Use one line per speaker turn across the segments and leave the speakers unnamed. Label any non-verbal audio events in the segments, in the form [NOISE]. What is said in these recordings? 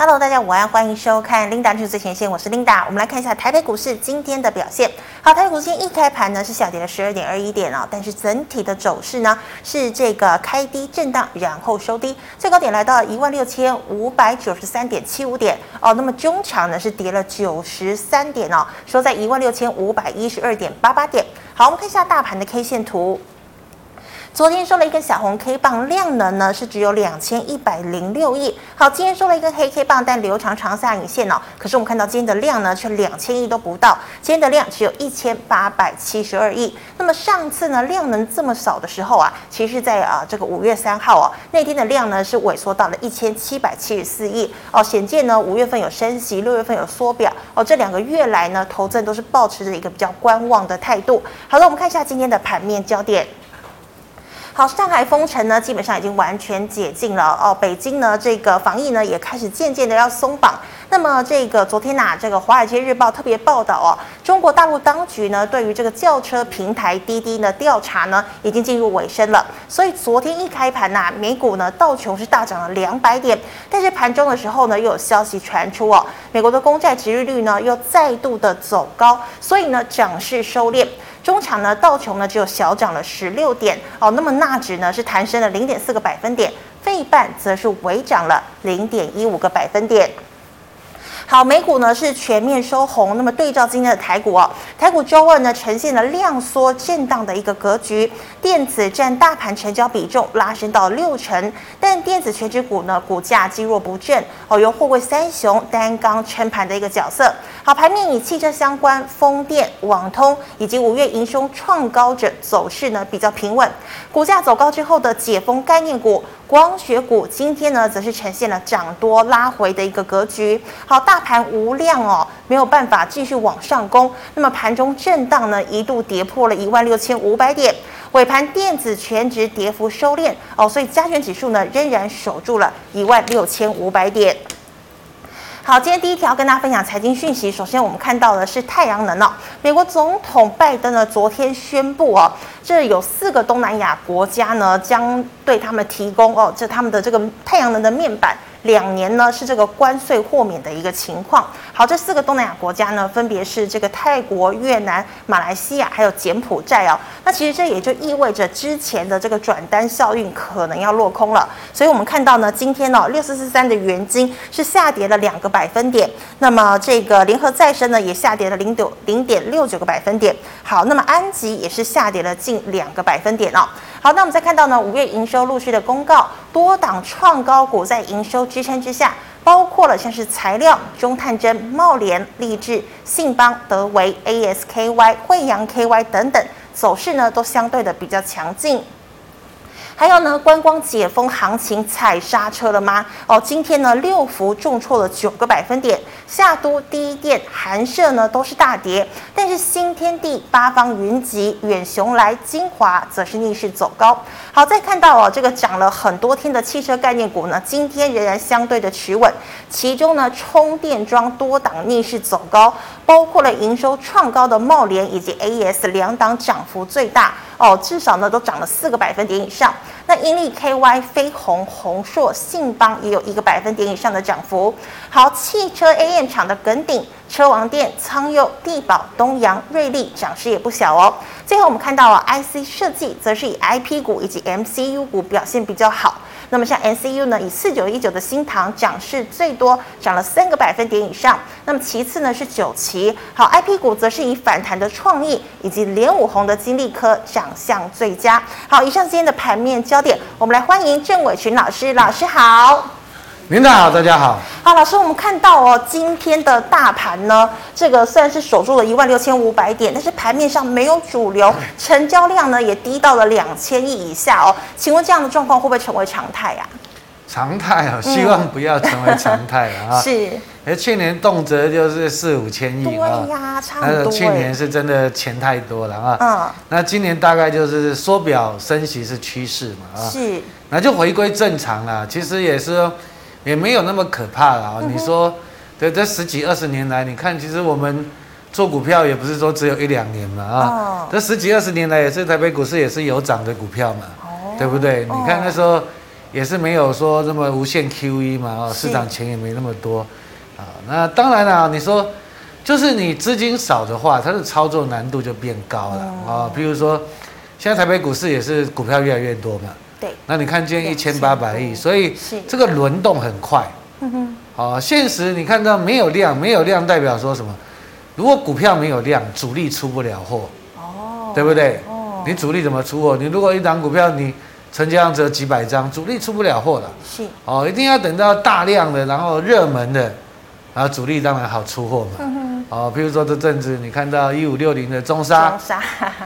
Hello，大家午安，歡迎收看 Linda News 最錢線，我是 Linda。我們來看一下台北股市今天的表現。好，台北股市一開盤呢，是下跌了十二點二一點哦，但是整體的走勢呢是這個開低震盪，然後收低，最高點來到一萬六千五百九十三點七五點哦，那麼中場呢是跌了九十三點哦，收在一萬六千五百一十二點八八點。好，我們看一下大盤的 K 線圖。昨天收了一根小紅 K 棒，量能呢是只有兩千一百零六億。好，今天收了一根黑 K 棒，但留長長下影線哦。可是我們看到今天的量呢，卻兩千億都不到，今天的量只有一千八百七十二億。那麼上次呢，量能這麼少的時候啊，其實，在啊這個五月三號哦，那天的量呢是萎縮到了一千七百七十四億哦。顯見呢，五月份有升息，六月份有縮表哦。這兩個月來呢，投資人都是保持着一個比較觀望的態度。好了，我們看一下今天的盤面焦點。好，上海封城呢，基本上已經完全解禁了哦。北京呢，這個防疫呢，也開始漸漸的要鬆綁。那麼，這個昨天吶、啊，這個華爾街日報特別報道哦，中國大陸當局呢，對於這個叫車平台滴滴的調查呢，已經進入尾聲了。所以昨天一開盤吶、啊，美股呢道瓊是大漲了兩百點，但是盤中的時候呢，又有消息傳出哦，美國的公債殖利率呢又再度的走高，所以呢，漲勢收斂。中場呢，道瓊呢只有小漲了十六點哦，那麼納指呢是彈升了零點四個百分點，費半則是微漲了零點一五個百分點。好，美股呢是全面收紅，那麼對照今天的台股哦，台股周二呢呈現了量縮震盪的一個格局，電子佔大盤成交比重拉升到六成，但電子權值股呢股價積弱不振哦，由貨櫃三雄擔綱撐盤的一個角色。好，盤面以汽車相關、風電、網通以及五月營收創高者走勢呢比較平穩，股價走高之後的解封概念股、光學股今天呢則是呈現了漲多拉回的一個格局。好，大。大盤無量哦，沒有辦法繼續往上攻。那麼盤中震盪呢，一度跌破了一萬六千五百點。尾盤電子權值跌幅收斂哦，所以加權指數呢仍然守住了一萬六千五百點。好，今天第一條要跟大家分享財經訊息。首先我們看到的是太陽能哦，美國總統拜登呢昨天宣布哦，這有四個東南亞國家呢將對他們提供哦這他們的這個太陽能的面板。兩年呢是這個關稅豁免的一個情況。好，這四個東南亞國家呢，分別是這個泰國、越南、馬來西亞還有柬埔寨啊、哦。那其實這也就意味着之前的這個轉單效應可能要落空了。所以我們看到呢，今天呢、哦，六四四三的元晶是下跌了兩個百分點。那麼這個聯合再生呢，也下跌了零點零點六九個百分點。好，那麼安吉也是下跌了近兩個百分點哦。好，那我們再看到呢，五月營收陸續的公告，多檔創高股在營收支撐之下，包括了像是材料、中探針、貿聯、力智、信邦、德微、AES-KY、慧洋 KY 等等，走勢呢都相對的比較強勁。還有呢？觀光解封行情踩剎車了嗎？哦，今天呢，六福重挫了九個百分點，夏都、第一店、寒舍呢都是大跌，但是新天地、八方雲集、遠雄來、晶華則是逆勢走高。好，再看到哦，這個漲了很多天的汽車概念股呢，今天仍然相對的持穩，其中呢，充電樁多檔逆勢走高。包括了營收創高的貿聯以及 A E S 兩檔漲幅最大哦，至少呢都漲了四個百分點以上。那英利 K Y 飛宏、鴻碩、信邦也有一個百分點以上的漲幅。好，汽車 AM 廠的耿鼎、車王電、倉佑、帝寶、東陽、瑞利漲勢也不小哦。最後，我們看到啊 IC 設計則是以 IP 股以及 MCU 股表現比較好。那麼像 MCU 呢，以四九一九的新唐漲勢最多，漲了三個百分點以上。那麼其次呢是九齊。好，IP 股則是以反彈的創意以及連五紅的金麗科漲相最佳。好，以上今天的盤面焦點，我們來歡迎鄭偉群老師。老師好。
Linda 好，大家好。
好，老師，我們看到哦，今天的大盤呢，這個雖然是守住了一萬六千五百點，但是盤面上沒有主流，成交量呢也低到了兩千億以下哦。請問這樣的狀況會不會成為常態呀、啊？
常態啊、哦，希望不要成為常態了啊、哦。嗯、 [LAUGHS] 是，哎、欸，去年動輒就是四五千億、哦、啊。對呀，差不
多、欸。那個去年是
真的錢太多了啊、哦。嗯。那今年大概就是縮表、升息是趨勢嘛、哦？啊。是。那就回歸正常了。其實也是。也沒有那麼可怕啦、嗯。你說，對，這十幾二十年來，你看，其實我們做股票也不是說只有一兩年嘛啊、哦。這十幾二十年來，也是台北股市也是有漲的股票嘛。哦、對不對、哦？你看那時候也是沒有說這麼無限 QE 嘛，市場錢也沒那麼多。啊、哦。那當然啦、啊，你說就是你資金少的話，它的操作難度就變高了啊、哦哦。比如說，現在台北股市也是股票越來越多嘛。那你看今天一千八百億，所以這個輪動很快。好、啊哦，現實你看到沒有量？沒有量代表說什麼？如果股票沒有量，主力出不了貨。
哦，對不對？哦，
你主力怎麼出貨？你如果一檔股票你成交量只有幾百張，主力出不了貨了。是，哦，一定要等到大量的，然後熱門的，然後主力當然好出貨嘛。嗯、哦，比如說這陣子你看到一五六零的中砂，
中
砂，啊、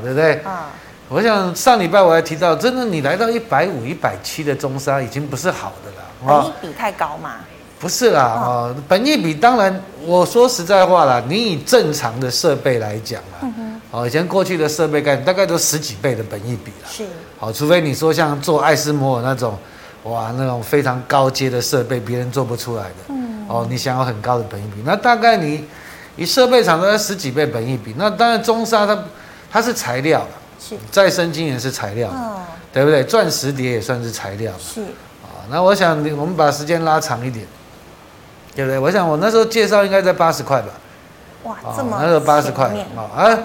哦，對不對？啊、哦。我想上禮拜我還提到，真的你來到一百五、一百七的中砂已經不是好的了，本益
比太高嘛？
不是啦，啊，哦、本益比當然我說實在話啦，你以正常的設備來講
啊，
哦、嗯，以前過去的設備概大概都十幾倍的本益比啦。是，好，除非你說像做艾斯摩爾那種，哇，那種非常高階的設備，別人做不出來的，
嗯、哦，
你想要很高的本益比，那大概你，你設備廠都要十幾倍本益比，那當然，中砂它它是材料。再生晶圓也是材料、哦，對不對？鑽石碟也算是材料，
是
啊。那我想，我們把時間拉長一點，對不對？我想我那時候介紹應該在八十塊吧，哇，
這麼、哦、那時候八十塊
啊、哦、啊！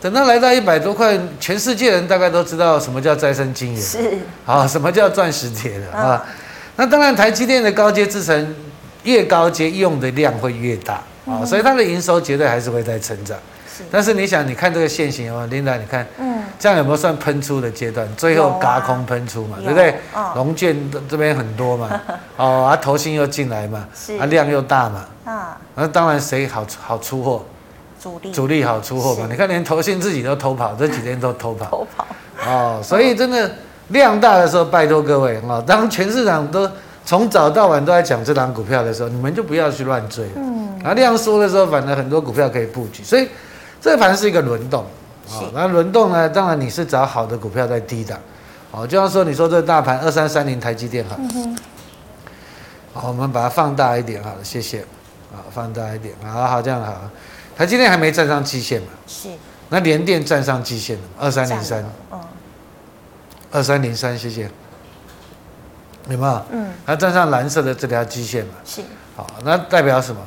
等它來到一百多塊，全世界人大概都知道什麼叫再生晶圓了，是啊、哦，什麼叫鑽石碟啊、哦哦？那當然，台積電的高階製程越高階，用的量會越大啊、哦，所以它的營收絕對還是會再成長。是，但是你想，你看這個線型哦，琳達，你看，嗯，這樣有沒有算噴出的階段？最後軋空噴出嘛、啊，對不對？融券、哦、這邊很多嘛、， [LAUGHS] 哦啊嘛，啊、嘛，哦，啊，投信又進來嘛，啊，量又大嘛，啊，那當然誰好好出貨？主
力主力
好出貨嘛？你看連投信自己都偷跑，這幾天都偷跑偷跑，哦，所以真的、哦、量大的時候，拜託各位啊、哦，當全市場都從早到晚都在講這檔股票的時候，你們就不要去亂追，嗯，啊，量縮的時候，反正很多股票可以佈局，所以。這盤是一個輪動，好，那輪動呢？當然你是找好的股票在低檔，好，就像說你說這大盤二三三零台積電好
了，
嗯，好，我們把它放大一點好，好謝謝，好，放大一點，好，好這樣好，台積電還沒站上基線嘛？是，那聯電站上基線了，二三零三，嗯，二三零三，謝謝，明白，有沒有？嗯，它站上藍色的這條基線嘛？是，好，那代表什麼？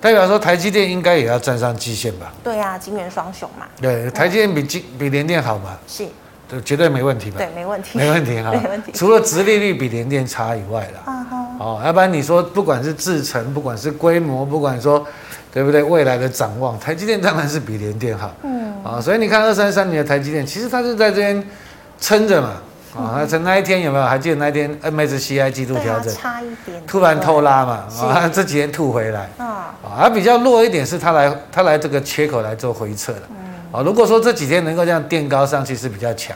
代表說，台積電應該也要站上季線吧？
對啊，
晶圓雙雄嘛。
對，台積電比金、嗯、比聯電好嘛？是，這絕對沒問題吧？
對，
沒問題，沒問題哈。沒問題，
除了殖利率比聯電差以外啦啊哈。哦，要不然你說，不管是製程，不管是規模，不管說，對不對？未來的展望，台積電當然是比聯電好。嗯。啊、哦，所以你看2330的台積電，其實它是在這邊撐着嘛。嗯、啊，那那一天有沒有？還記得那一天 MSCI 季度調整、啊，差
一點，點，突然偷
拉嘛、喔，啊，這幾天吐回來，啊，啊，比較弱一點，是他來，他來這個缺口來做回撤的，嗯，啊，如果說這幾天能夠這樣墊高上去是比較強，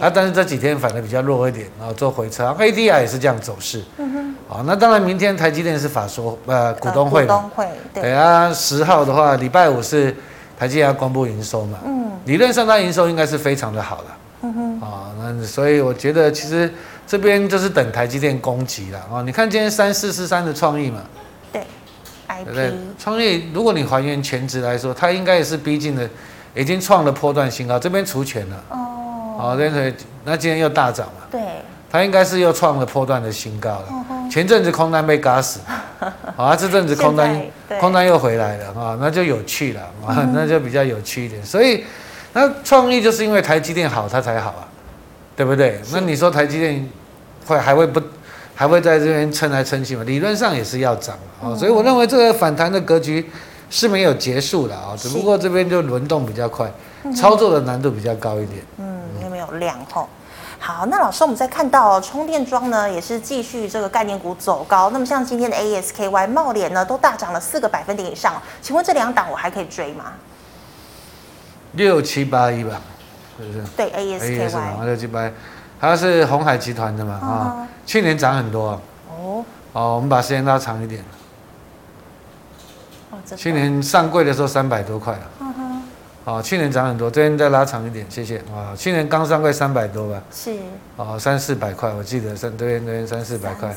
啊，但是這幾天反而比較弱一點，然、啊、後做回撤，A D R 也是這樣走勢，
嗯
哼，啊，那當然明天台積電是法說，呃，股東會，股東會，對、欸，啊，十號的話，禮、嗯、拜五是台積電要公布營收嘛，嗯，理論上它營收應該是非常的好了。
啊、
嗯哦，那所以我覺得其實這邊就是等台積電攻擊了、哦、你看今天三四四三的創意嘛，對，哎，對，對，創意，如果你還原權值來說，它應該也是逼近了，已經創了波段新高，這邊除權了，哦，好、哦，那那今天又大漲
了，對，
它應該是又創了波段的新高了。前陣子空單被嘎死，啊、哦，這陣子空單空單又回來了啊、哦，那就有趣了、嗯，那就比較有趣一點，所以。那創意就是因為台積電好，它才好啊，對不對？那你說台積電會還會不還會在這邊撐來撐去嗎？理論上也是要漲啊、哦嗯，所以我認為這個反彈的格局是沒有結束的啊、哦，只不過這邊就輪動比較快、嗯，
操作的難
度比較高一點。嗯，
又、嗯、沒有量吼。好，那老師，我們再看到、哦、充電樁呢，也是繼續這個概念股走高。那麼像今天的 AES-KY、貿聯呢，都大漲了四個百分點以上、哦，請問這兩檔我還可以追嗎？
六七八一吧，是
不是？對，AES-KY，
六七八一，它是鴻海集團的嘛、uh -huh. 啊？去年漲很多。哦。哦，我們把時間拉長一點。
Oh, 去
年上櫃的時候三百多塊啊。哈、uh -huh. 哦，去年漲很多，這邊再拉長一點，謝謝啊、哦。去年剛上櫃三百多吧？是。哦，三四百塊，我記得三對對三四百塊，300, 塊 300,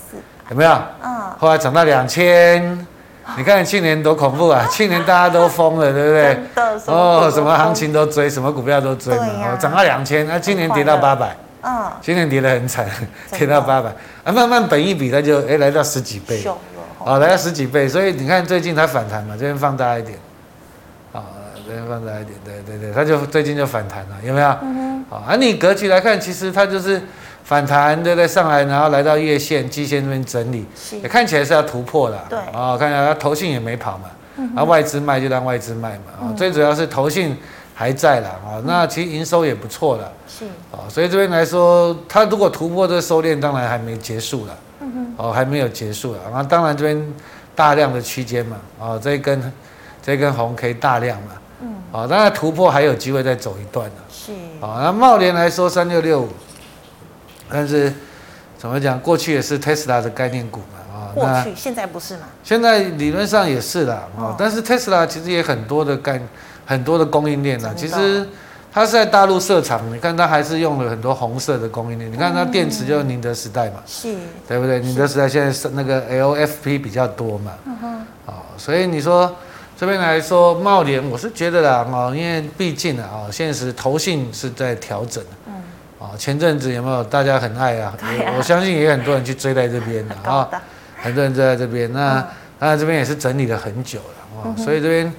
有沒有？嗯、uh,。後來漲到兩千。你看你去年多恐怖啊！去年大家都瘋了，對不對？哦，什麼行情都追，什麼股票都追嘛。漲、啊、到兩千、啊，那今年跌到八百。嗯。今年跌得很慘，嗯、跌到八百、嗯。啊，慢慢本一比它就哎來到十幾倍。凶來到十幾倍，所以你看最近它反彈嘛，這邊放大一點。哦，這邊放大一點，對對對，它就最近就反彈了，有沒有？嗯。好，而、啊、你格局來看，其實它就是。反彈就在上來，然後來到月線、季線那邊整理，也看起來是要突破了。對啊、哦，看起來它投信也沒跑嘛，
嗯、然後外資
賣就當外資賣嘛。啊、哦嗯，最主要是投信還在啦啊、哦，那其實營收也不錯
了是
啊，所以這邊來說，它如果突破這個收斂，當然還沒結束了。嗯哼。哦，還沒有結束了。那當然這邊大量的區間嘛，啊、哦、這一根這一根紅 K 大量嘛。
嗯。啊、哦，當然
突破還有機會再走一段的。是啊、哦，那貿聯來說、嗯、三六六五。但是怎麼講？過去也是 Tesla 的概念股嘛，啊，過去現在不是嗎？現在理論上也是啦，啊、嗯，但是 Tesla 其實也很多的概，很多的供應鏈吶、哦，其實它是在大陸設廠，你看它還是用了很多紅色的供應鏈，你看它電池就是寧德時代嘛，是、嗯，對不對？寧德時代現在是那個 LFP 比較多嘛，啊、嗯，所以你說這邊來說，貿聯，我是覺得啦，啊，因為畢竟啊，現實投信是在調整。哦，前陣子有沒有大家很愛啊？啊，我相信也有很多人去追在這邊的啊，很多人追在這邊。那、嗯、那這邊也是整理了很久了啊，所以這邊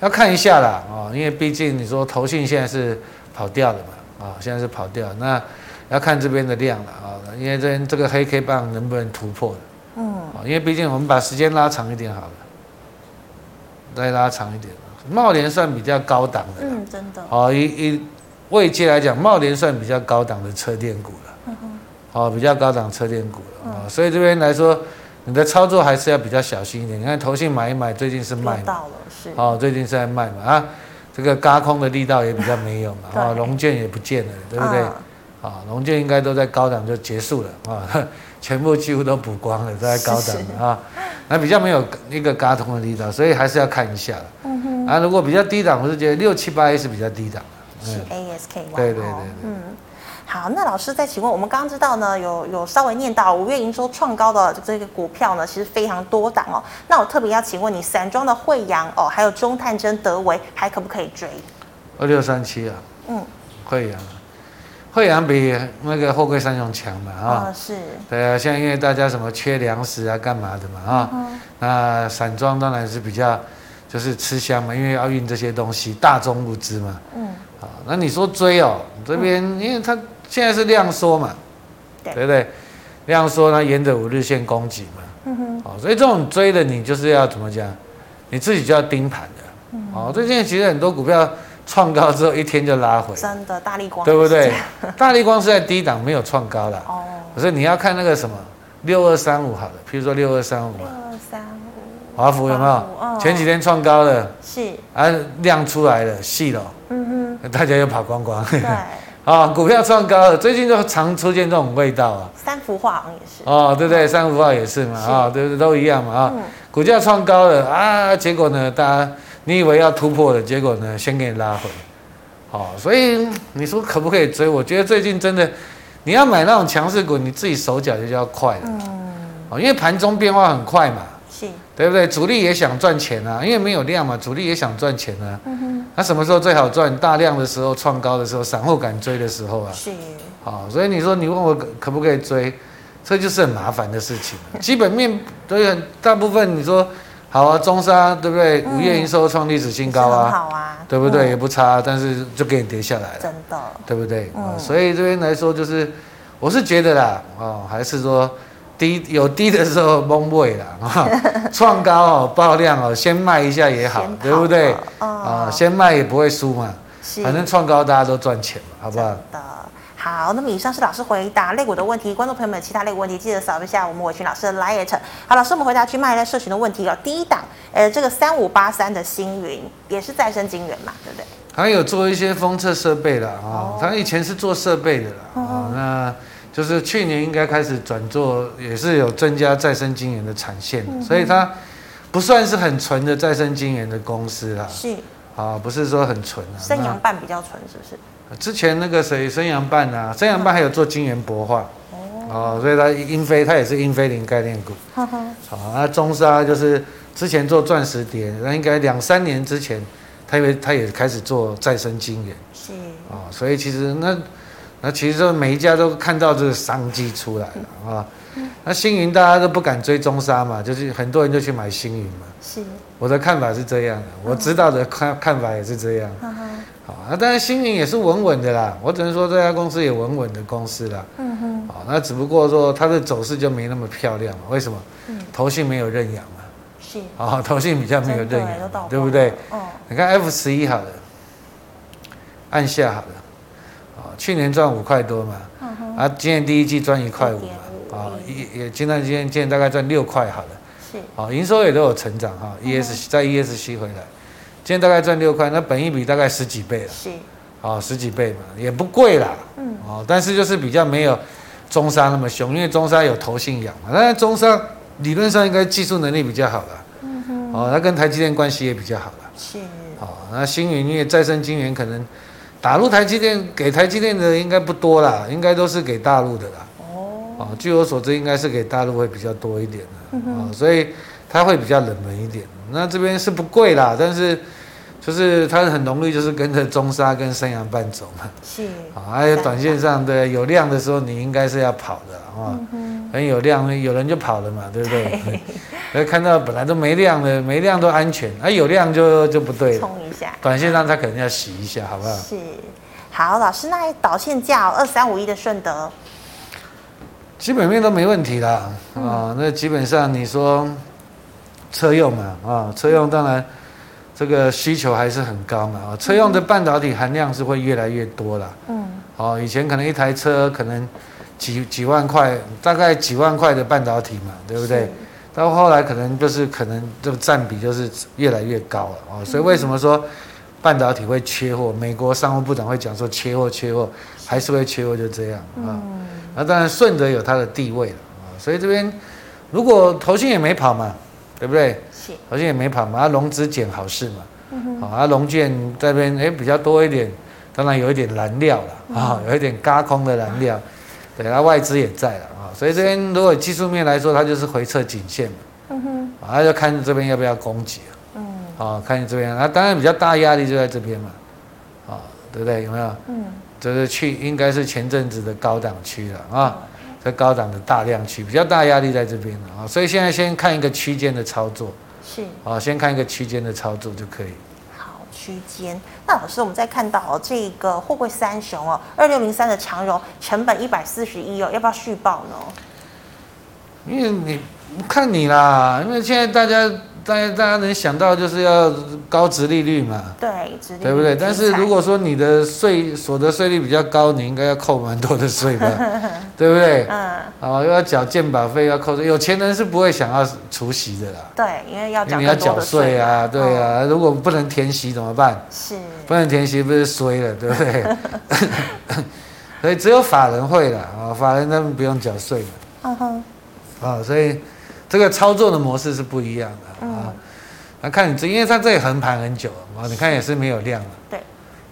要看一下啦啊，因為畢竟你說投信現在是跑掉的嘛啊、哦，現在是跑掉，那要看這邊的量了啊，因為這邊這個黑 K 棒能不能突破的？嗯，因為畢竟我們把時間拉長一點好了，再拉長一點了。貿聯算比較高檔的，嗯，
真的。
哦，一一。位階來講，貿聯算比較高檔的車電股
了，
嗯哦、比較高檔車電股了啊、嗯，所以這邊來說，你的操作還是要比較小心一點。你看，投信買一買，最近是賣到了，是、哦、最近是在賣嘛啊，這個軋空的力道也比較沒有嘛，啊、嗯，融、哦、券也不見了，對不對？啊、嗯，融、哦、券應該都在高檔就結束了啊，全部幾乎都補光了，都在高檔啊，那比較沒有一個軋空的力道，所以還是要看一下、嗯、啊，如果比較低檔，我是覺得六七八 A 是比較低檔的，嗯嗯對對對，對，嗯，
好，那老師再請問，我們剛剛知道呢，有有稍微念到五月營收創高的這個股票呢，其實非常多檔哦。那我特別要請問你，散裝的慧洋哦，還有中探針、德微，還可不可以追？
二六三七啊，嗯，慧洋、啊，慧洋比那個貨櫃三雄強嘛啊、哦嗯？是，對啊，現在因為大家什麼缺糧食啊，幹嘛的嘛啊、哦嗯？那散裝當然是比較。就是吃香嘛，因為要運這些東西，大宗物資嘛。嗯，好，那你說追哦，這邊、嗯、因為它現在是量縮嘛
對，對
不對？量縮呢，沿着五日線攻擊嘛。嗯哼，好，所以這種追的你就是要怎麼講，你自己就要盯盤的。哦、嗯，最近其實很多股票創高之後一天就拉回，
真的，大立光，對不對？
大立光是在低檔沒有創高啦。哦，可是你要看那個什麼六二三五，好了，譬如說六二三五嘛。二三五。華孚有沒有？前幾天創高的，是啊，量出來了，是了，嗯哼，大家又跑光光、嗯哦，了啊，股票創高的，最近都常出現這種味道啊。三福化也是，哦，對對？三福化也是嘛，啊、哦，對對？都一樣嘛，啊、哦，股價創高的啊，結果呢，大家你以為要突破了結果呢，先給你拉回，好、哦，所以你說可不可以追？我覺得最近真的，你要買那種強勢股，你自己手腳就要快，嗯，哦，因為盤中變化很快嘛。對不對？主力也想賺錢啊，因為沒有量嘛，主力也想賺錢啊。嗯哼。那、啊、什麼時候最好賺？大量的時候，創高的時候，散戶敢追的時候啊。是。好、哦，所以你說你問我可不可以追，這就是很麻煩的事情。 [LAUGHS] 基本面，對很大部分，你說好啊，中砂對不對？嗯、五月營收創歷史新高啊，好啊，對不對、嗯？也不差，但是就給你跌下來了。真的。對不對？嗯哦、所以這邊來說，就是我是覺得啦，哦，還是說。低有低的時候懵味啦，創、哦、 [LAUGHS] 高哦爆量哦，先賣一下也好，對不對？啊、哦哦，先賣也不會輸嘛，反正創高大家都賺錢嘛，好不好？
好的，好。那麼以上是老師回答類股的問題，觀眾朋友們其他類股問題記得掃一下我們偉群老師的 LINE。好，老師我們回答 GMoney 在社群的問題了。第一檔，呃，這個三五八三的辛耘也是再生晶圓嘛，對不對？
還有做一些封測設備了啊，他、哦哦、以前是做設備的了啊、哦哦哦，那。就是去年應該開始轉做，也是有增加再生晶圓的產線、嗯，所以它不算是很純的再生晶圓的公司啦、啊。是啊、哦，不是說很純啊。生陽
半比較純，是
不是？之前那個誰，生陽半啊，生陽半還有做晶圓薄化哦，哦，所以它英飛，它也是英飛凌概念股。
哈
哈。好、哦，那中砂就是之前做鑽石碟，那應該兩三年之前，它因為它也開始做再生晶圓，是啊、哦，所以其實那。那其實說每一家都看到這個商機出來了啊、嗯哦。那星雲大家都不敢追中砂嘛，就是很多人就去買星雲嘛。
是。
我的看法是這樣的，嗯、我知道的看看法也是這樣。嗯，好，那當然星雲也是穩穩的啦。我只能說這家公司也穩穩的公司啦。嗯
哼。好、
哦，那只不過說它的走勢就沒那麼漂亮了。為什麼？嗯。投信沒有認養嘛。
是。啊、哦，投信比較沒有認養、欸，對不對？
哦、你看 F 十一好了，按下好了。去年賺五塊多嘛、
嗯，啊，
今年第一季賺一塊五嘛，啊，也、哦、也，今天今天今天大概賺六塊好了，
是，
啊、哦，營收也都有成長哈，E S 在 E S C 回來，今天大概賺六塊，那本益比大概十幾倍了，
是，
啊、哦，十幾倍嘛，也不貴啦，嗯，哦，但是就是比較沒有中砂那麼凶，因為中砂有投信仰嘛，那中砂理論上應該技術能力比較好
了、
哦，嗯哼，哦，它跟台積電關係也比較好
了，
是，哦，那辛耘因為再生晶圓可能。打入台積電給台積電的應該不多啦，應該都是給大陸的啦。哦，據我所知，應該是給大陸會比較多一點的，啊、嗯，所以它會比較冷門一點。那這邊是不貴啦，但是。就是它很容易，就是跟着中砂跟三羊半走嘛。
是
啊，還有短線上對有量的時候，你應該是要跑的，啊、嗯，很有量，有人就跑了嘛，對不對，對，對？看到本來都沒量的，沒量都安全，啊，有量就就不對了。衝一下，短線上它可能要洗一下，好不好？
是，好，老師，那導線架二三五一的順德，
基本面都沒問題啦，啊，那基本上你說車用嘛，啊，車用當然。這個需求還是很高嘛，啊，車用的半導體含量是會越來越多
了。
嗯，哦，以前可能一台車可能幾幾萬塊，大概幾萬塊的半導體嘛，對不對？到後來可能就是可能這個占比就是越來越高了啊。所以為什麼說半導體會缺貨？美國商務部長會講說缺貨缺貨，還是會缺貨就這樣、嗯、啊。那當然，順德有它的地位了啊。所以這邊如果投信也沒跑嘛。對不對？是。好像也沒跑嘛。啊，融資減好事嘛。
嗯、哦、啊，
融券這邊哎、欸、比較多一點，當然有一點燃料了啊、嗯哦，有一點軋空的燃料、嗯。對，啊，外資也在了啊、哦，所以這邊如果技術面來說，它就是回撤頸線嘛。嗯哼。啊，就看這邊要不要攻擊了、啊。嗯。啊、哦，看你這邊，啊，當然比較大壓力就在這邊嘛。啊、哦，對不對？有沒有？嗯。就是去，應該是前陣子的高檔區了啊。哦在高檔的大量區，比較大壓力在這邊了啊，所以現在先看一個區間的操作，
是
啊，先看一個區間的操作就可以。
好，區間。那老師，我們再看到這個貨櫃三雄哦，二六零三的長榮成本一百四十一哦，要不要續抱呢？
因為你看你啦，因為現在大家。但是大家能想到就是要高殖利率嘛？對，殖
利率對不對？但是如果
說你的稅所得稅率比較高，你應該要扣蠻多的稅吧？ [LAUGHS] 對不對？嗯。啊、哦，又要繳健保費，要扣稅，有錢人是不會想要除息的啦。
對，因為要、啊、因為你要繳稅啊、嗯，
對啊。如果不能填息怎麼辦？是。不能填息不是衰了，對不對？ [LAUGHS] [LAUGHS] 所以只有法人會了啊、哦，法人他們不用繳稅。啊哈。啊，所以。這個操作的模式是不一樣的、嗯、啊，那看你這，因為它這裡橫盤很久了嘛，你看也是沒有量了。對，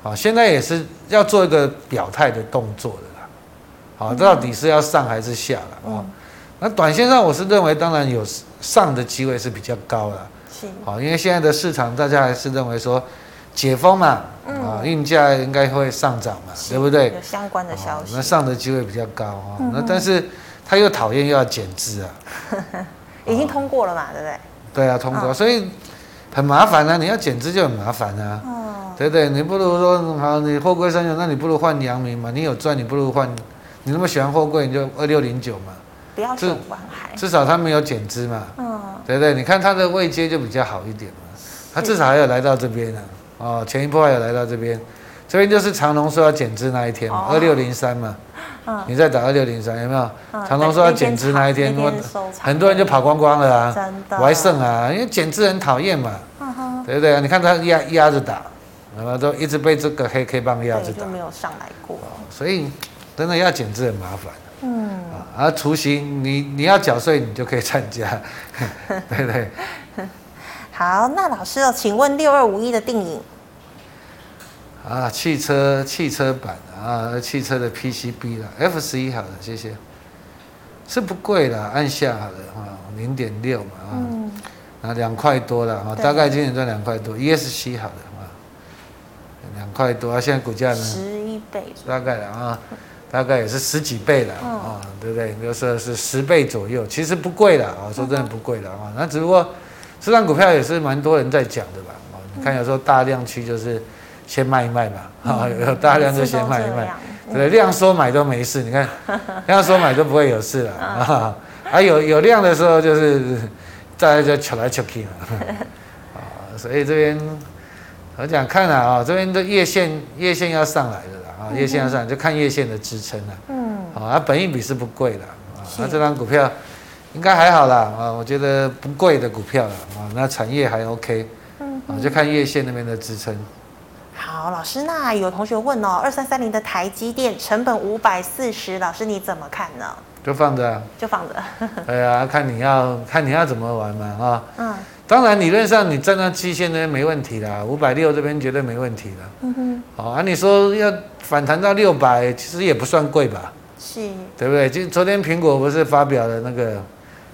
好、啊，現在也是要做一個表態的動作的啦。好、啊，到底是要上還是下了、嗯、啊，那短線上我是認為，當然有上的機會是比較高了。好、啊，因為現在的市場大家還是認為說解封嘛、嗯，啊，運價應該會上漲嘛，對不對？有
相關的消息。啊、那上
的機會比較高啊、嗯，那但是他又討厭又要減資啊。 [LAUGHS] Oh, 已經通過了嘛，對不對？對啊，通過，oh. 所以很麻煩啊。你要減資就很麻煩啊。哦、oh.，對對，你不如說，好，你貨櫃生鏽，那你不如換陽明嘛。你有賺，你不如換，你那麼喜歡貨櫃，你就二六零九嘛。不要去玩海。至，至少他沒有減資嘛。
嗯、
oh.，對對，你看他的位階就比較好一點嘛。他至少還有來到這邊啊。哦、oh.，前一波還有來到這邊。這邊就是長榮說要減資那一天，二六零三嘛，uh, 你再打二六零三有沒有？Uh, 長榮說要減資那一天，我、uh, 很多人就跑光光了啊，我還剩啊，因為減資很討厭嘛，uh -huh. 對不對啊？你看他壓壓着打，然後都一直被這個黑 K 棒壓着打，
沒有上來
過，所以真的要減資很麻煩，嗯，
而
除息你你要繳稅你就可以參加， [LAUGHS] 對不對？
[LAUGHS] 好，那老師哦，請問六二五一的定穎。
啊，汽車汽車版啊，啊，汽車的 PCB 了，F 十一好了，謝謝，是不貴啦。按下好了啊，零點六嘛啊，嗯、兩塊多了啊，大概今年賺兩塊多，ESC 好了啊，兩塊多啊，現在股價呢十一倍，大概啦。啊，大概也是十幾倍了啊、嗯哦，對不對？就是十倍左右，其實不貴啦。啊，說真的不貴啦。啊、嗯，那只不過這檔股票也是蠻多人在講的吧，啊，你看有時候大量區就是。先賣一賣吧，啊，有大量就先賣一賣，對，量縮買都沒事，你看，量縮買都不會有事了啊。啊，有有量的時候就是大家就扯來扯去嘛，啊，所以這邊我講看了啊，這邊的月線月線要上來的啦，啊，月線要上來就看月線的支撐
了，
嗯，啊，本益比是不貴的，啊，那這張股票應該還好啦，啊，我覺得不貴的股票了，啊，那產業還 OK，嗯，啊，就看月線那邊的支撐。
好，老師，那有同學問哦，二三三零的台積電成本五百四十，老師你怎麼看呢？就放着，啊，就放
着。 [LAUGHS] 哎呀，看你要看你要怎麼玩嘛，啊、哦，嗯，當然理論上你站在季線那邊沒問題啦，五百六這邊絕對沒問題的。嗯哼。好，哦、啊，你說要反彈到六百，其實也不算貴吧？是，對不對？就昨天蘋果不是發表了那個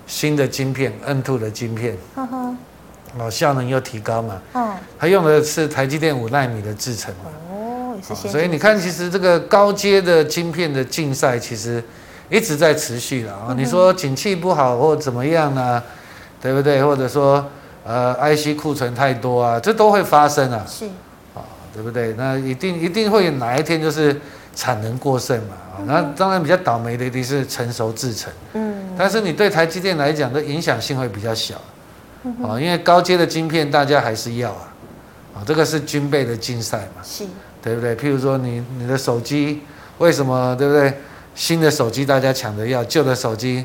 新的晶片，M2 的晶片。哈，嗯，哼。哦、效能又提高嘛？他、嗯、用的是台積電五納米的制程嘛。哦，
哦，哦，所以你看，
其實這個高階的晶片的競賽其實一直在持續了啊、哦嗯。你說景氣不好或怎麼樣呢、啊嗯？對不對？或者說呃，IC 庫存太多啊，這都會發生啊。是啊、哦，對不對？那一定一定會有哪一天就是產能過剩嘛？啊、哦，那、嗯、當然比較倒霉的一定是成熟制程。嗯，但是你對台積電來講的影響性會比較小。因為高階的晶片大家還是要啊，啊，這個是軍備的競賽嘛，是，對不對？譬如說你你的手機為什麼對不對？新的手機大家搶着要，舊的手機，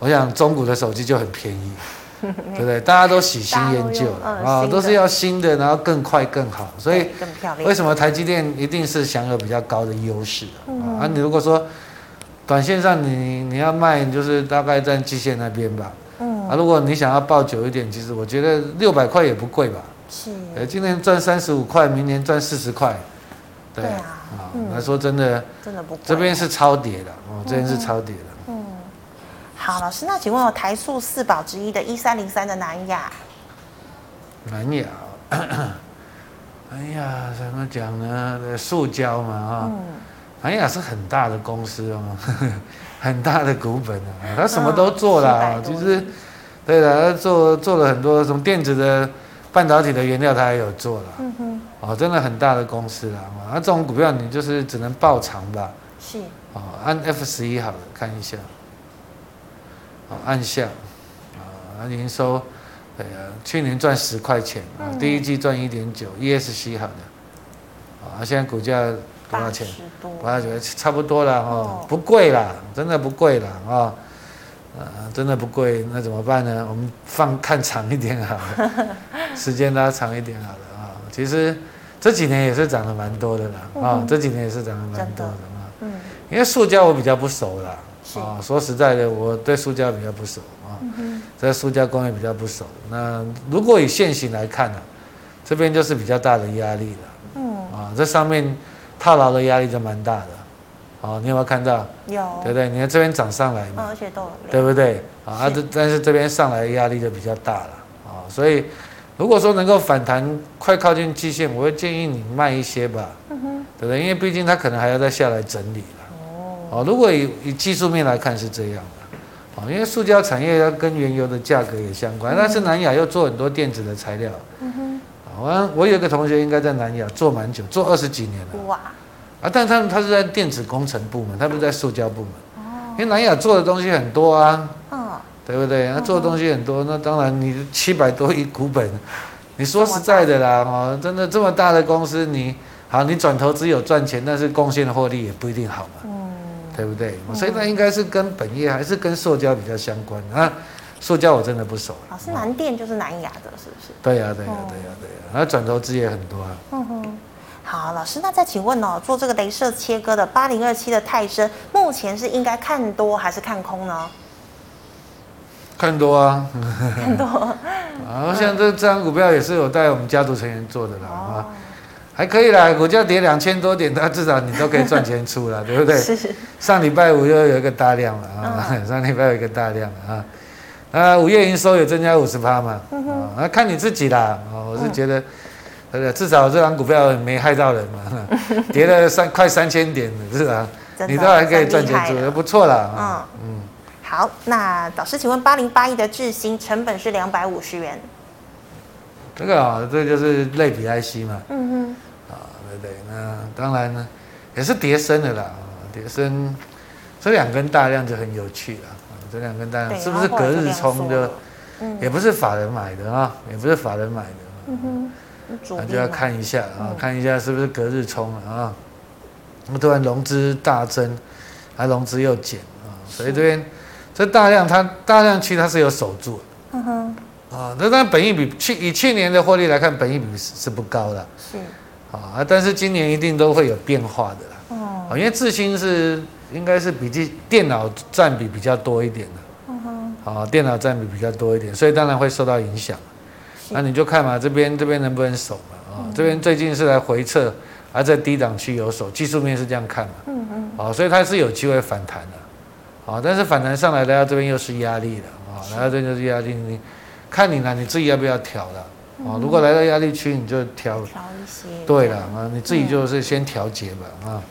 我想中古的手機就很便宜，
[LAUGHS] 對不對？
大家都喜新厭舊啊，都是要新的，然後更快更好，所以更
漂亮。為什麼台積
電一定是享有比較高的優勢、嗯、啊？你如果說短線上你你要賣，就是大概在季線那邊吧。啊，如果你想要抱久一點，其實我覺得六百塊也不貴吧。是。呃，今年賺三十五塊，明年賺四十塊。對啊。啊、嗯，來說真的。真的不貴。這邊是超跌的哦，這邊是超跌的。
嗯，好，老師，那請問我台塑四寶之一的一三零三的南亞。
南亞、哦，哎呀，怎麼講呢？塑膠嘛、哦，啊。嗯。南亞是很大的公司哦，呵呵很大的股本啊，它什麼都做啦，其、啊、實。對了，他做做了很多，什麼電子的半導體的原料，他也有做了。嗯哼。哦，真的很大的公司了。啊，這種股票你就是只能爆長吧？是。哦，按 F 十一好的，看一下。好、哦，按下。哦、您說啊，營收，去年賺十塊錢，啊、嗯，第一季賺一點九。E S C 好的。啊，現在股價多少錢？八九，不覺得差不多了哦，不貴了、哦，真的不貴了啊。哦呃、啊，真的不貴，那怎麼辦呢？我們放看長一點好了， [LAUGHS] 時間拉長一點好了啊。其實這幾年也是漲了蠻多的啦、嗯、啊，這幾年也是漲了蠻多的
啊，
嗯。因為塑膠我比較不熟啦，啊，說實在的，我對塑膠比較不熟啊，在、嗯、塑膠工業比較不熟。那如果以現行來看呢、啊，這邊就是比較大的壓力了。嗯。啊，這上面套牢的壓力就蠻大的。哦，你有沒有看到？有，對不對？你看這邊漲上來嘛，
嗯，對不對？
啊，這但是這邊上來壓力就比較大了，啊，所以如果說能夠反彈快靠近季線，我會建議你賣一些吧，嗯，對不對？因為畢竟它可能還要再下來整理了。哦，如果以，以技術面來看是這樣的，因為塑膠產業要跟原油的價格也相關，嗯，但是南亞又做很多電子的材料，
嗯、
我，我有個同學應該在南亞做蠻久，做二十幾年了。哇。啊，但是他他是在電子工程部門，他不是在塑膠部門。因為南亞做的東西很多啊。嗯。對不對？他做的東西很多，那當然你七百多億股本，你說實在的啦，哦，喔，真的這麼大的公司你，你好，你轉投資有賺錢，但是貢獻的獲利也不一定好嘛。
嗯。
對不對？所以那應該是跟本業還是跟塑膠比較相關啊？塑膠我真的不熟。老
師，哦，是南電就是南亞的，是不是？對呀、啊，對呀、啊，對呀、
啊，對呀。啊，轉投資也很多啊。嗯哼。
好，老師，那再請問哦，做這個雷射切割的八零二七的鈦昇，目前是應該看多還是看空呢？
看多啊！看多。嗯、啊，像這這張股票也是有帶我們家族成員做的啦，啊、哦，還可以啦，股價跌兩千多點，它至少你都可以賺錢出來， [LAUGHS] 對不對？是。上禮拜五又有一個大量了啊，嗯、上禮拜有一個大量啊，啊，五月營收也增加五十趴嘛，啊，看你自己啦，啊，我是覺得。嗯對對？至少這檔股票也沒害到人嘛， [LAUGHS] 跌了三快三千點，是啊，
你都還可以賺錢，賺，
不錯啦。嗯嗯。
好，那老師，請問八零八一的致新成本是兩百五十元。
這個啊、哦，這就是類比 IC 嘛。嗯嗯。啊、哦，對對？那當然呢，也是跌深的啦，跌深。這兩根大量就很有趣了，這兩根大量是不是隔日沖的、嗯？也不是法人買的啊、哦，也不是法人買的、哦。
嗯哼。啊、就要看
一下啊，看一下是不是隔日沖了啊？我們突然融資大增，還、啊、融資又減啊，所以這邊這大量它大量區它是有守住的，
嗯
哼，啊，那當然本益比去以去年的獲利來看，本益比是不高的，
是，
啊，但是今年一定都會有變化的啦，哦、嗯，因為自新是應該是比電電腦占比比較多一點的，嗯哼，啊，電腦占比比較多一點，所以當然會受到影響。那你就看嘛，這邊這邊能不能守嘛？啊、哦嗯，這邊最近是來回撤，還、啊、在低檔區有守。技術面是這樣看嘛？嗯嗯。哦、所以它是有機會反彈的、啊哦。但是反彈上來大家這邊又是壓力了。啊，來到這邊、哦、就是壓力你看你了，你自己要不要調了？啊、哦嗯，如果來到壓力區，你就調調一些。對了，啊、嗯，你自己就是先調節吧。啊、
哦。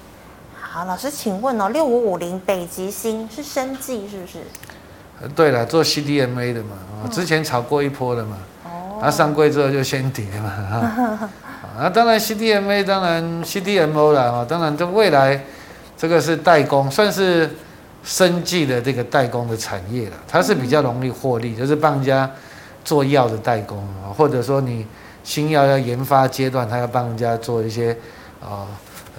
好，老師，請問哦，六五五零北極星是生技是不是？
對了，做 CDMA 的嘛，啊、哦嗯，之前炒過一波的嘛。啊，上櫃之後就先跌嘛，啊，啊當然 CDMA 當然 CDMO 啦。啊，當然這未來這個是代工，算是生技的這個代工的產業了，它是比較容易獲利，嗯，就是幫人家做藥的代工啊，或者說你新藥要研發階段，他要幫人家做一些啊、哦、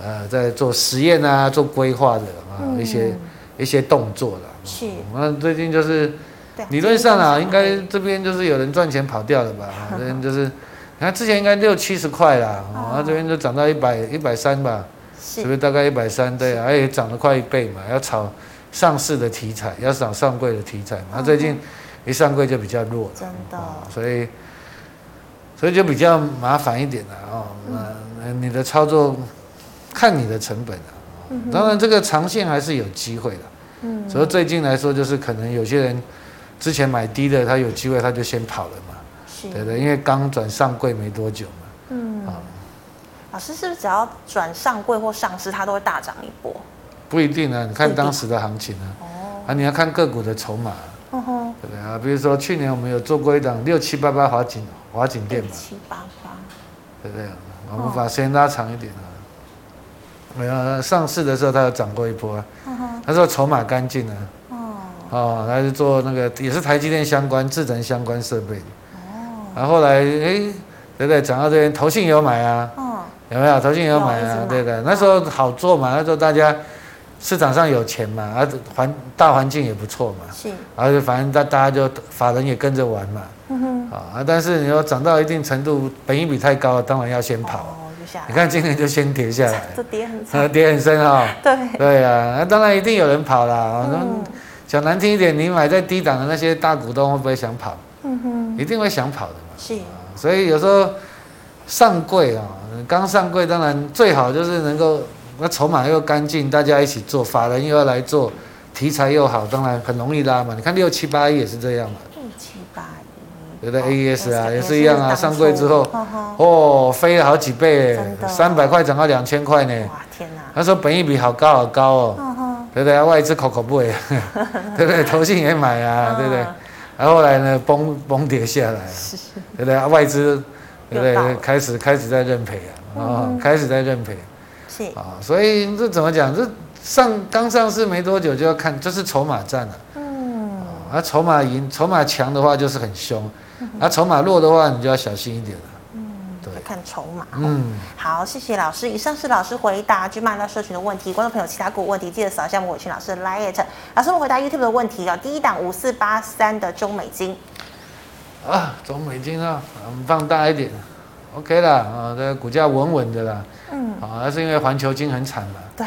呃在做實驗啊，做規劃的啊一些、嗯、一些動作啦，我們、嗯、最近就是。理論上啊，應該這邊就是有人賺錢跑掉了吧？這邊就是，你看之前應該六七十塊啦，哦、啊，這邊就漲到一百一百三吧是，是不是大概一百三？對啊，也漲了快一倍嘛。要炒上市的題材，要炒上櫃的題材嘛。他、嗯啊、最近一上櫃就比較弱了，真的。所以所以就比較麻煩一點了啊。那、嗯、那你的操作看你的成本啊。
當然這
個長線還是有機會的。嗯，
所以最
近來說就是可能有些人。之前買低的，他有機會他就先跑了嘛。
是，對對，因
為剛轉上櫃沒多久嘛。嗯。
好、哦，老師是不是只要轉上櫃或上市，它都會大漲一波？
不一定啊，你看當時的行情啊。哦。啊，你要看個股的籌碼、啊。
嗯、
哦、哼。對對啊？比如說去年我們有做過一檔六七八八華景華景電嘛。七八八。對對啊，我們把時間先拉長一點啊。哦、沒有上市的時候，它有漲過一波啊。嗯、哦、哼。他說籌碼乾淨啊。哦，他是做那個也是台積電相關、智能相關設備。哦。然後後來，哎、欸，對對，講到這邊，投信也有買啊。嗯、哦。有沒有？投信也有買啊，對的、啊。那時候好做嘛，那時候大家市場上有錢嘛，而、啊、環大環境也不錯嘛。是。然後就反正大大家就法人也跟着玩嘛。啊、哦，但是你說漲到一定程度，本益比太高了，當然要先跑。哦、你看今天就先跌下來。
跌很。呃、啊，
跌很深啊、哦。 [LAUGHS] 對。對啊，那當然一定有人跑了。嗯。講難聽一點，你買在低檔的那些大股東會不會想跑？嗯
哼，一
定會想跑的嘛。是啊，所以有時候上櫃啊，剛上櫃當然最好就是能夠那籌碼又乾淨，大家一起做，法人又要來做，題材又好，當然很容易拉嘛。你看六七八一也是這樣嘛。
六七八
一，有的，A E S 啊，哦，啊，也是一樣啊。上櫃之後哦，哦，飛了好幾倍，三百塊漲到兩千塊呢。哇，天哪，啊！他說本益比好高好高哦。哦對不對、啊？外資可可不會，對不對？投信也買啊，對不對？然後後來呢，崩崩跌下來了，對不對、啊？外資，對不對？開始開始在認賠啊，啊、哦，開始在認賠。啊、哦，所以這怎麼講？這上剛上市沒多久就要看，這、就是籌碼戰
了、啊。嗯。
啊，籌碼贏，籌碼強的話就是很兇；啊，籌碼弱的話，你就要小心一點了。
籌碼，嗯，好，謝謝老師。以上是老師回答 GMoney 的社群的問題。觀眾朋友其他股問題，記得掃一下鄭偉群老師的 LINE 老師，我回答 YouTube 的問題啊。第一檔五四八三的中美晶
啊、哦，中美晶啊、哦，我們放大一點、嗯、，OK 啦啊、哦，這個、股價穩穩的啦，嗯啊，那、哦、是因為環球晶很慘嘛，
對，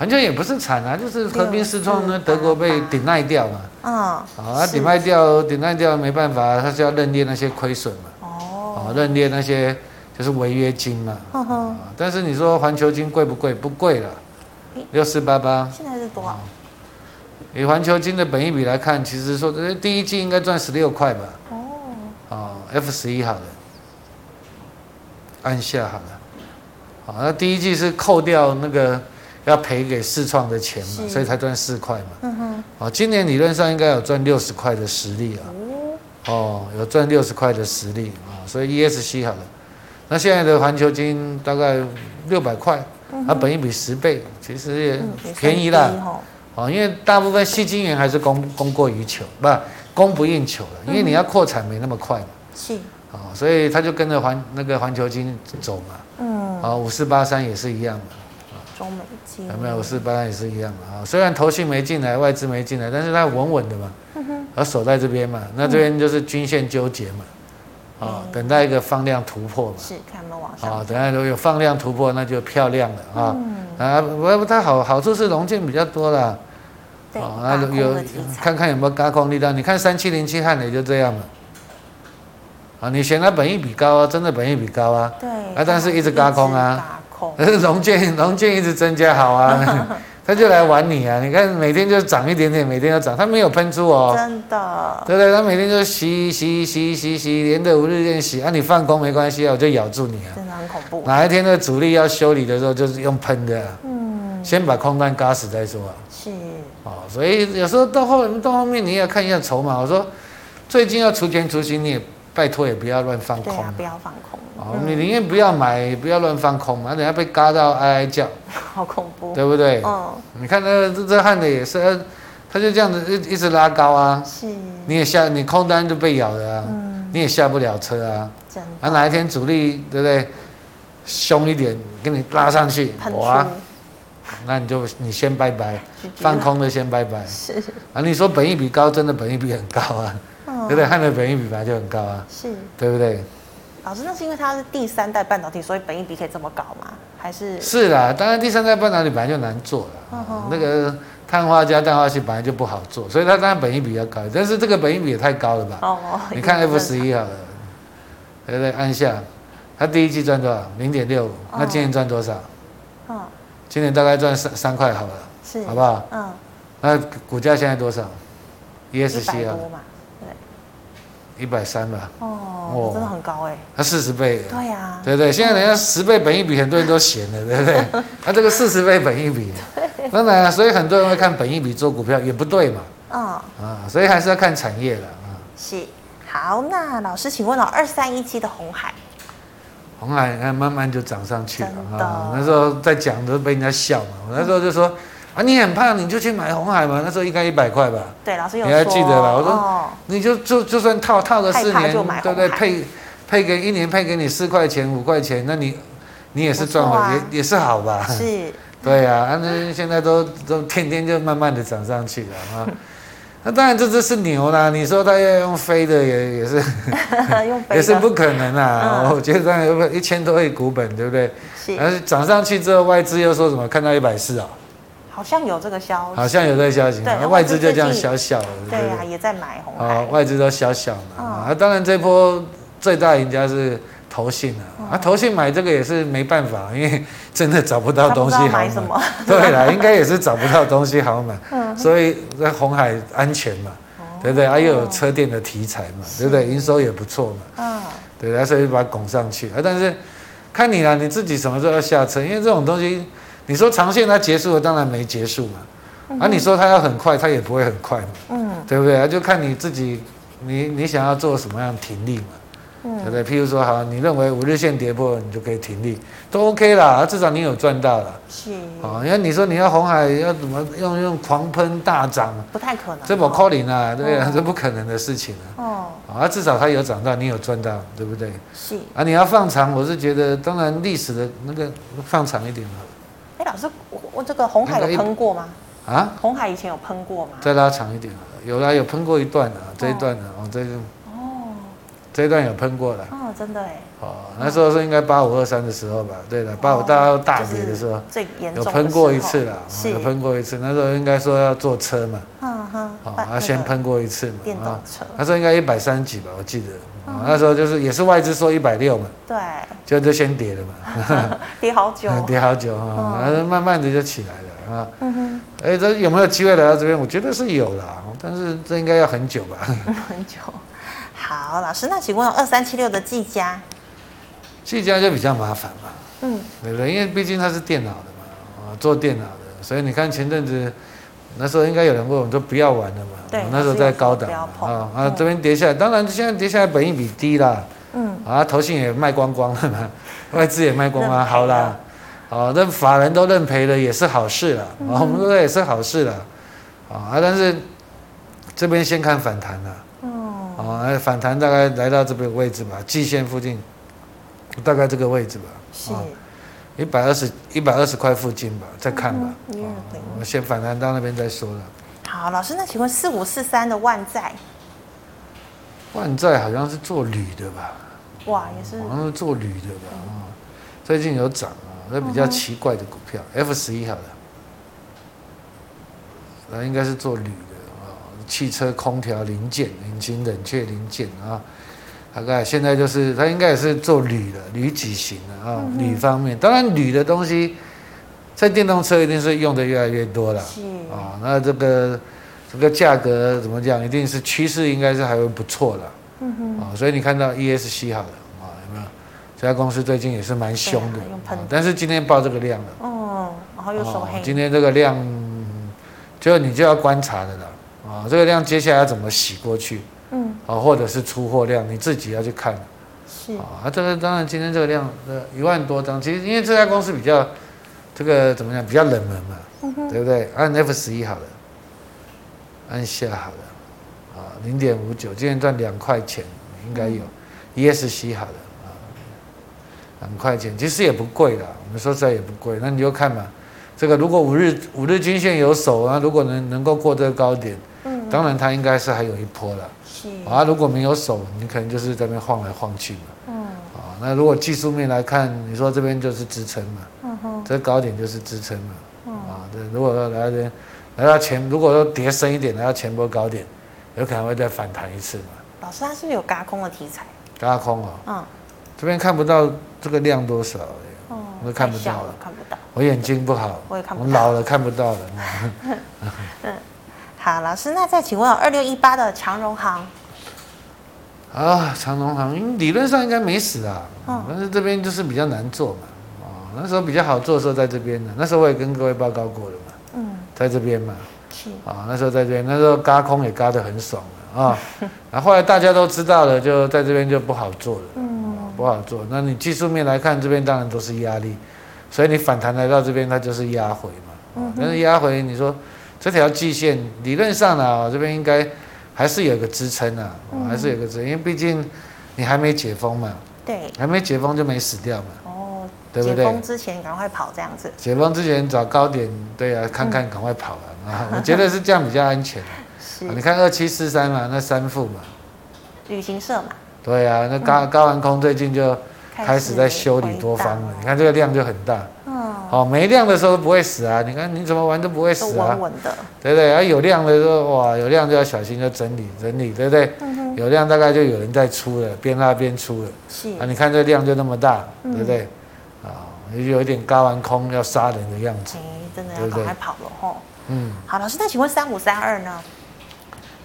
環球也不是慘啊，就是合併失敗，呢，德國被 deny 掉嘛，啊、嗯哦、啊，頂、啊、賣掉，deny 掉，沒辦法，他就要認列那些虧損嘛，哦，啊、哦，認列那些。就是違約金嘛，哦哦，但是你說環球金貴不貴？不貴
了，
六四八八。6488, 現在
是多，
啊哦，以環球金的本益比來看，其實說這第一季應該賺十六塊吧。哦。F 十一好了，按下好了。好，哦，那第一季是扣掉那個要賠給世創的錢嘛，所以才賺四塊嘛。嗯哼。啊，哦，今年理論上應該有賺六十塊的實力啊，哦。哦，嗯。哦，有賺六十塊的實力啊，哦，所以 ESC 好了。那現在的環球晶大概六百塊，它、嗯、本益比十倍，其實也便宜
了、
嗯哦、因為大部分矽晶圓還是供供過於求，不供不應求了，因為你要擴產沒那麼快嘛，
是、
嗯、所以它就跟着環那個環球晶走嘛，嗯，啊，五四八三也是一樣的，
中美晶，啊，沒有，五四
八三也是一樣的啊，雖然投信沒進來，外資沒進來，但是它穩穩的嘛，嗯哼，而守在這邊嘛，那這邊就是均線糾結嘛。啊、哦，等待一個放量突破嘛，是看有往上。啊、哦，等下如果有放量突破，那就漂亮了啊、嗯。啊，我也不，太好好處是融券比較多啦。對，那、啊、有看看有沒有軋空力量。你看三七零七漢磊就這樣了。啊，你嫌它本益比高啊，真的本益比高啊。對，啊，但是一直軋空啊。融券融券一直增加好啊。 [LAUGHS] 他就來玩你啊！你看每天就漲一點點，每天要漲，他沒有噴出哦。真的。對不對，他每天就洗洗洗洗洗，連着五日連洗。啊，你放空沒關係啊，我就咬住你啊。真的很恐怖。哪一天的主力要修理的時候，就是用噴的。嗯。先把空單嘎死再說啊。
是。哦，所以
有時候到後面到後面，後面你也要看一下籌碼。我說最近要除權除息，你也拜託，也不要亂放空、啊，不要
放空。哦、
你寧願不要買，不要亂放空嘛、啊，等下被嘎到哀哀叫。
好恐怖，對不對？哦、
你看那、呃、這這漢的也是，他、呃、就這樣子一一直拉高啊。是。你也下，你空單就被咬了啊。嗯、你也下不了車啊。
真
的。啊，哪一天主力對不對，凶一點給你拉上去，好啊，那你就你先拜拜，放空的先拜拜。
是。
啊，你說本益比高，真的本益比很高啊。哦、對不對？漢的本益比本來就很高啊。是。對不對？
老師，那是因
為它是第三代半導體，所以本益比可以這麼高嗎？還是是啦，當然第三代半導
體本來就難
做了、哦、那個碳化鎵氮化矽本來就不好做，所以它當然本益比，比較高。但是這個本益比也太高了吧？哦，
哦你看 F 十
一好了，再、嗯、按下，它第一季賺多少？零點六五。那今年賺多少、哦？今年大概賺三三塊好了，是，好不好？嗯，那股價現在多少？ESC 啊。一百三吧，哦，哦，
真的很高哎，
它四十倍。對呀、啊，對，對對，現在人家十倍、， [LAUGHS] 啊、倍本益比，很多人都閒嫌了，對不對？那這個四十倍本益比，當然、啊、所以很多人會看本益比做股票也不對嘛，嗯、哦，啊，所以還是要看產業的啊。
是，好，那老師請問了，二三一七的紅海，
紅海，你看慢慢就漲上去了啊。那時候在講，都被人家笑嘛。我那時候就說。嗯啊，你很怕，你就去買紅海嘛，那時候應該一百塊吧？
對，老師，你還記得吧？我說，
哦、你就就就算套套了四年，對不對？配配給一年配給你四塊錢五塊錢，那你你也是賺、啊，也也是好吧？對啊，那、啊、現在都都天天就慢慢的漲上去了啊。那、啊、當然這只是牛啦，你說他要用飛的也也是 [LAUGHS] ，
也是不
可能啦、啊嗯。我覺得一千多億股本，對不對？而漲上去之後，外資又說什麼看到一百四啊？好像有這個消息，好像有這個消息。對啊，外資就這樣小小了是、是，對啊也在買紅海，啊、外資都小小的、嗯。啊，當然這波最大贏家是投信了、啊嗯，啊，投信買這個也是沒辦法，因為真的找不到東西好買，買什麼對了， [LAUGHS] 應該也是找不到東西好買，嗯，所以在紅海安全嘛，嗯、對不對，對？啊，又有車電的題材嘛，嗯、對不對，對？營收也不錯嘛，啊、嗯，對的，所以把它拱上去，啊、但是看你了、啊，你自己什麼時候要下車，因為這種東西。你說長線它結束了，當然沒結束嘛，嗯、
啊，你說它
要很快，它也不會很快嘛，嗯，對不對？啊，就看你自己，你你想要做什麼樣停利嘛，嗯，對不對？譬如說，好，你認為五日線跌破了，你就可以停利，都 OK 啦，啊，至少你有賺到啦，
是，
啊、哦，因為你說你要紅海要怎麼用用狂噴大漲，不
太可能，這不
calling、啊哦、對不對？這不可能的事情啊，哦，啊、哦，至少它有漲到，你有賺到，對不對？是，啊，你要放長，我是覺得，當然歷史的那個放長一點嘛。
哎，老師我，我這個紅海有噴過嗎？啊，紅海以前有噴過嗎？
再拉長一點，有啦，有噴過一段的，啊哦，這一段的，啊，哦，這個，哦，這一段有噴過的，哦，真
的哎，欸。
哦，那時候是應該八五二三的時候吧？對了，八五大家都大跌的時候，就是、最嚴
重的時候有噴過一次了，
有噴過一次。那時候應該說要坐車嘛，嗯哼，好、嗯啊，先噴過一次嘛，啊、那個哦，那時候應該一百三幾吧，我記得，啊、嗯嗯，那時候就是也是外資說一百六嘛，
對，
就就先跌了嘛，嗯、 [LAUGHS] 跌好久、嗯、跌好久、哦嗯、啊，然後慢慢的就起來了啊，嗯
哼，
哎、欸，這有沒有機會來到這邊？我覺得是有啦。但是這應該要很久吧，很久。
好，老師，那請問有二三七六的技嘉。
這家就比較麻煩嘛，
嗯，
對不對？因為畢竟他是電腦的嘛，啊，做電腦的，所以你看前陣子，那時候應該有人問我們說不要玩了嘛，對，喔、那時候在高檔啊、喔嗯、啊，這邊跌下來，當然現在跌下來，本益比低
了，
嗯，啊，投信也賣光光了嘛，外資也賣光光、嗯，好啦。啊、嗯，那法人都認賠了也、嗯喔，也是好事了，啊、喔，我們說也是好事了，啊啊，但是這邊先看反彈了，哦、嗯，啊、喔，反彈大概來到這邊位置吧，季線附近。大概這個位置吧，是，一百二十一百二十塊附近吧，再看吧。嗯嗯、我們先反彈到那邊再說了。
好，老師，那請問四五四三的萬債？
萬債好像是做鋁的吧？哇，也是。
好像是做鋁的吧？
最近有漲啊，那比較奇怪的股票。F 十一好的，那應該是做鋁的啊，汽車空調零件、引擎冷卻零件啊。大概現在就是他應該也是做鋁的，鋁擠型的啊，鋁、哦嗯、方面，當然鋁的東西在電動車一定是用得越來越多
了
啊、哦。那這個這個價格怎麼講？一定是趨勢，應該是還會不錯的。
嗯啊、哦，所
以你看到 AES 好了啊、哦，有沒有？這家公司最近也是蠻凶的，啊的、哦，但是今天爆這個量了。
哦。
然後又收黑、哦。今天
這個量，就你就要觀察的了啊、哦。這個量接下來要怎麼洗過去？或者是出貨量，你自己要去看。
是啊，
這個當然今天這個量的一萬多張，其實因為這家公司比較這個怎麼樣，比較冷門嘛，嗯、對不對？按 F 十一好了，按下好了，啊，零點五九，今天賺兩塊錢應該有、嗯、，ESC 好了啊，兩塊錢其實也不貴啦，我們說實在也不貴，那你就看嘛，這個如果五日五日均線有守啊，如果能能夠過這個高點。當然，它應該是還有一波
了。是啊，如果
沒有手，你可能就是這邊晃來晃去嘛。
嗯啊、
哦，那如果技術面來看，你說這邊就是支撐嘛。嗯哼。這高點就是支撐嘛。嗯啊，這、哦、如果說來到這邊，來到前，如果說跌深一點，來到前波高點，有可能會再反彈一次嘛。
老師，他是不是有軋空
的題材？軋空啊、哦。嗯。這邊看不到這個量多少、欸，哦、嗯，都看不
到了，看不到。
我眼睛不好，
我也看不到，我老
了看不到了。 [LAUGHS]
好，老
師，那再請問二六一八的長榮航啊、哦，長榮航因為理論上應該沒死啊，哦、但是這邊就是比較難做嘛。哦，那時候比較好做的時候在這邊呢，那時候我也跟各位報告過了嘛。
嗯，在這邊嘛，
是啊、哦，那時候在這邊，那時候嘎空也嘎得很爽啊。
然、
哦、後 [LAUGHS] 後來大家都知道了，就在這邊就不好做了，嗯，哦、不好做。那你技術面來看，這邊當然都是壓力，所以你反彈來到這邊，它就是壓回嘛。哦、嗯，但是壓回，你說。這條季線理論上呢，這邊應該還是有個支撐啊、嗯，還是有個支撐，因為畢竟你還沒解封嘛，
對，
還沒解封就沒死掉嘛，
哦，對不對？解封之前趕快跑這樣子，解封
之前找高點，對啊，看看趕快跑了啊，我、嗯、覺得是這樣比較安全、啊。是， [LAUGHS] 你看二七四三嘛，那三副嘛，
旅行社嘛，
對啊，那高高航空最近就開始在修理多方了，你看這個量就很大。哦，沒量的時候不會死啊！你看你怎麼玩都不會死啊，
穩
穩的，對不對？啊，有量的時候哇，有量就要小心，要整理整理，對不對、嗯？有量大概就有人在出了，邊拉邊出了，是啊，你看這量就那麼大，嗯、對不對？啊、哦，有一點高完空要殺人的樣子，真的要趕快跑
了嗯，好，老師，那請問三五三二呢？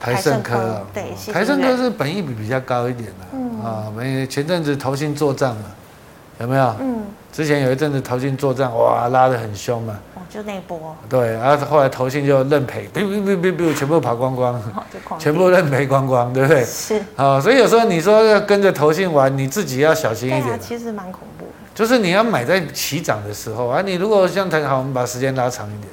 台勝科，台勝科，對，台勝科是本益比比較高一點的、啊嗯，啊，前陣子投信作帳了。有沒有？嗯，之前有一陣子投信作戰，哇，拉得很兇嘛。哦、就那一波。對，然、啊、後來投信就認賠，全部跑光光。哦、全部認賠光光，對不對？是、哦。所以有時候你說要跟着投信玩，你自己要小心一點。對啊、
其實蠻恐
怖。就是你要買在起漲的時候啊，你如果像還好，我們把時間拉長一點，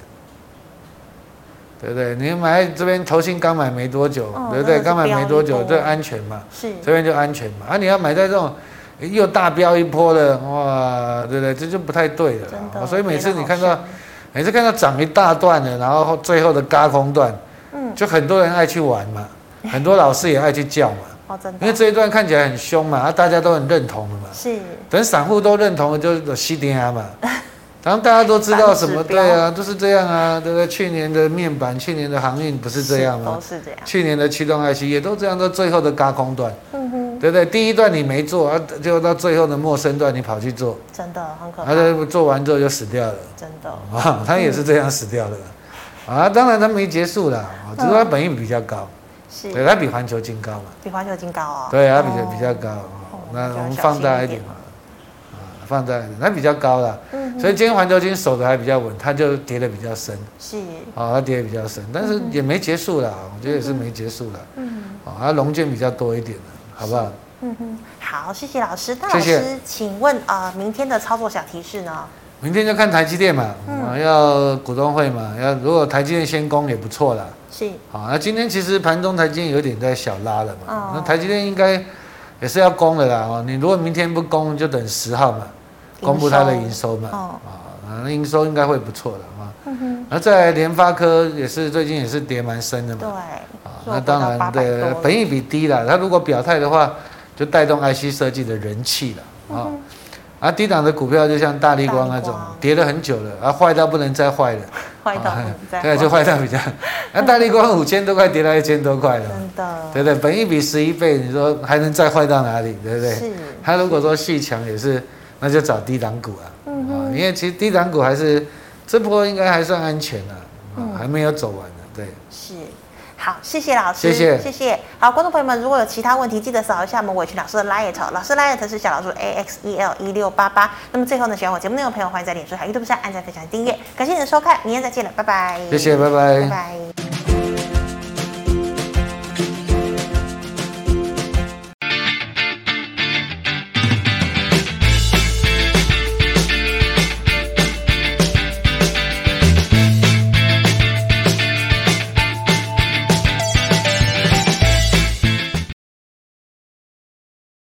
對不對？你買這邊投信剛買沒多久，哦、對不對？剛買沒多久，對、哦，安全嘛。是。是這邊就安全嘛，啊，你要買在這種。又大飆一波了，哇，對不對？這就不太對了。真的，所以每次你看到，每次看到漲一大段的，然後最後的軋空段、嗯，就很多人愛去玩嘛，很多老師也愛去叫嘛、 [LAUGHS] 哦，真的。因為這一段看起來很凶嘛，大家都很認同嘛。等散戶都認同，就是死定嘛。 [LAUGHS] 然後大家都知道什麼對啊，都、就是這樣啊，對不對？去年的面板，去年的航運不是這樣嗎？都是這樣。去年的驅動 IC 也都這樣，到最後的軋空段。嗯、對不對，對？第一段你沒做，啊，最到最後的末升段你跑去做，真的很可怕。他、啊、做完之後就死掉了。真的。啊，他也是這樣死掉的、嗯，啊，當然他沒結束啦，只是他本應比較高。嗯、
對，他比環
球晶高嘛、啊。比
環球
晶高啊。對，他比，他比較比較高、哦。那我們放大一點。放在那它比較高了。所以今天環球金守得還比較穩，它就跌的比較深。是，啊、哦，它跌的比較深，但是也沒結束了、嗯。我覺得也是沒結束
了。
嗯，啊、哦，它融券比較多一點好不好？嗯哼，
好，謝謝老師。老師謝謝。請問啊、呃，明天的操作小提示呢？
明天就看台積電嘛、嗯嗯，要股東會嘛，要如果台積電先攻也不錯了。是。好、哦，那今天其實盤中台積電有點在小拉了嘛，哦、那台積電應該。也是要公的啦，你如果明天不公，就等十號嘛，
公布它的營
收嘛，啊、嗯哦，那營收應該會不錯的啊。那在聯發科也是最近也是跌蠻深的嘛。對。啊、哦，那當然對、嗯，本益比低了，它如果表態的話，就帶動 IC 設計的人氣了啊。嗯啊，低檔的股票就像大立光那種跌了很久了，啊，壞到不能再壞了。
壞
到了、啊、對，就壞到比較。那、啊、大立光五千多塊跌到一千多塊了，對不對？本益比十一倍，你說還能再壞到哪裡？對不對？
是。
他如果說續強也是，那就找低檔股
了、啊嗯，啊，因
為其實低檔股還是這波應該還算安全了啊，啊，還沒有走完的，對。是。
好，謝謝老師，謝謝，謝謝。好，觀眾朋友們，如果有其他問題，記得掃一下我們偉群老師的 Line 老師 Line 是小老鼠 A X E L 一六八八。那麼最後呢，喜歡我節目內容的朋友，歡迎在臉書還有 YouTube 上按讚、分享、訂閱。感謝你的收看，明天再見了，拜拜。
謝謝，拜拜，拜拜。